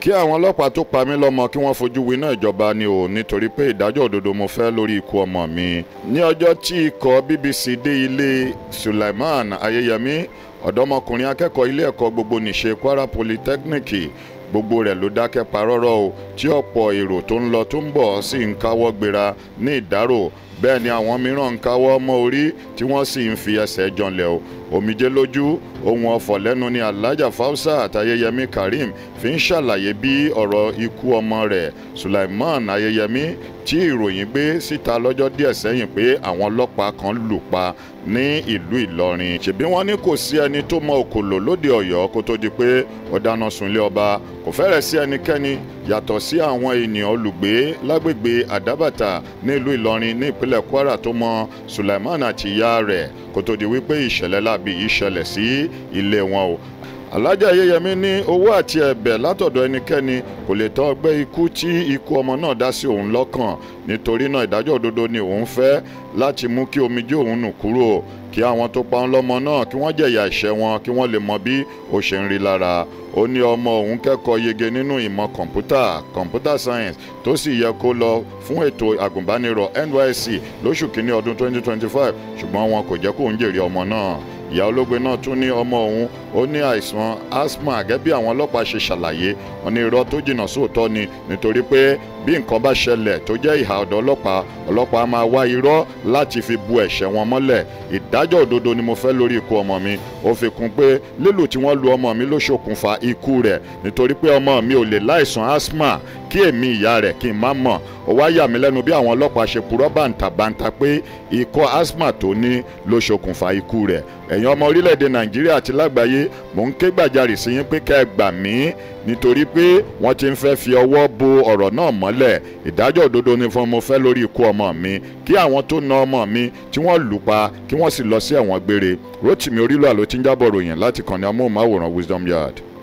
kí àwọn ọlọ́pàá tó pa mí lọ́mọ kí wọ́n fojú winá ìjọba ni o nítorí pé ìdájọ́ òdodo mo fẹ́ lórí ikú ọmọ mi. ní ọjọ́ tí ikọ̀ BBC dé ilé Sulaiman Ayéyẹmí ọ̀dọ́mọkùnrin akẹ́kọ̀ọ́ ilé ẹ̀kọ́ gbogbo nìṣe Kwara Polytechnic gbogbo rẹ̀ ló dákẹ́ parọ́rọ́ o tí ọ̀pọ̀ èrò tó ń lọ tó ń bọ̀ sì ń káwọ́ gbéra ní ìdárò bẹ́ẹ̀ ni àwọn mìíràn ń káwọ́ mọ́ orí tí wọ́n sì ń fi ẹsẹ̀ janlẹ̀ o omijé lójú ohun ọ̀fọ̀ lẹ́nu ni alhaja fausa àtayẹyẹmí karim fi ń ṣàlàyé bí ọ̀rọ̀ ikú ọmọ rẹ̀ sulaiman ayẹyẹmí tí ìròyìn gbé síta lọ́jọ́ díẹ̀ sẹ́yìn pé àwọn ọlọ́pàá kan lù pa ní ìlú ìlọrin ṣèbí wọ́n ní kò sí ẹni tó mọ òkòlò lóde ọ̀yọ́ kó tó di pé ó dáná sunlé ọba kò fẹ́rẹ̀ sí ẹnikẹ́ni yàtọ̀ sí àwọn ènìyàn olùgbé lágbègbè àdábàtà nílùú ìlọrin ní ìpínlẹ̀ kwara tó mọ suleiman àti ìyá rẹ̀ kó tó di wípé ìṣẹ̀lẹ̀ láabi yìí ṣẹlẹ̀ sí ilé wọn o alájà yẹyẹmí ní owó àti ẹ̀bẹ̀ látọ̀dọ̀ ẹnikẹ́ni kò lè tán ọgbẹ́ ikú tí ikú ọmọ náà dá sí òun lọ́kàn nítorí náà ìdájọ́ òdodo ni òun fẹ́ láti mú kí omijé òun nù kúrò kí àwọn tó pa ń lọ́mọ náà kí wọ́n jẹ̀yà ẹ̀ṣẹ̀ wọn kí wọ́n lè mọ bí ó ṣe ń rí lára ó ní ọmọ òun kẹ́kọ̀ọ́ yege nínú ìmọ̀ kọ̀ǹpútà computer science tó sì yẹ kó lọ fún ètò àgùnbánirọ̀ NYSC lóṣù kínní ọdún 2025 ṣùgbọ́n wọn kò jẹ́ kóun jèrè ọmọ náà ìyá ológbe náà tún ní ọmọ òun ó ní àìsàn asthma gẹ́gẹ́ bí àwọn ọlọ́pàá ṣe ṣàlàyé wọn ní irọ́ tó jìnnà sóòótọ́ ni nítorí pé bí nǹkan bá ṣẹlẹ̀ tó jẹ́ ìhà ọ̀dọ̀ ọlọ́pàá ọlọ́pàá máa wá irọ́ láti fi bu ẹ̀ṣẹ̀ wọn mọ́lẹ̀ ìdájọ́ òdodo ni mo fẹ́ lórí ikú ọmọ mi ó fi kún pé lílù tí wọ́n lu ọmọ mi ló ṣokùnfà ikú rẹ̀ nítorí pé ọmọ mi ò lè láìsàn asthma kí èmi ìyá rẹ̀ kí n má mọ̀ ó wá yà mí lẹ́nu bí àwọn ọlọ́pàá ṣe purọ́ bàǹtàbàǹtà pé ikọ́ asthma tó ní ló ṣokùnfà ikú rẹ̀ ẹ̀yin ọmọ orílẹ̀-èdè nàìjíríà àti lágbàáyé mò ń ké gbàjarì sí yín pé kẹ́ ẹ gbà mí nítorí pé wọ́n ti ń fẹ́ fi ọwọ́ bo ọ̀rọ̀ náà mọ́lẹ̀ ìdájọ́ òdodo ni fún mo fẹ́ lórí ikú ọmọ mi kí àwọn tó na ọmọ mi tí wọ́n lù pa kí wọ́n sì lọ sí ẹ̀wọ̀n gbére Rotimi Orílọ̀ àló tí ń jábọ̀ ròyìn láti kàn ní amóhùnmáwòrán Wisdom Yard.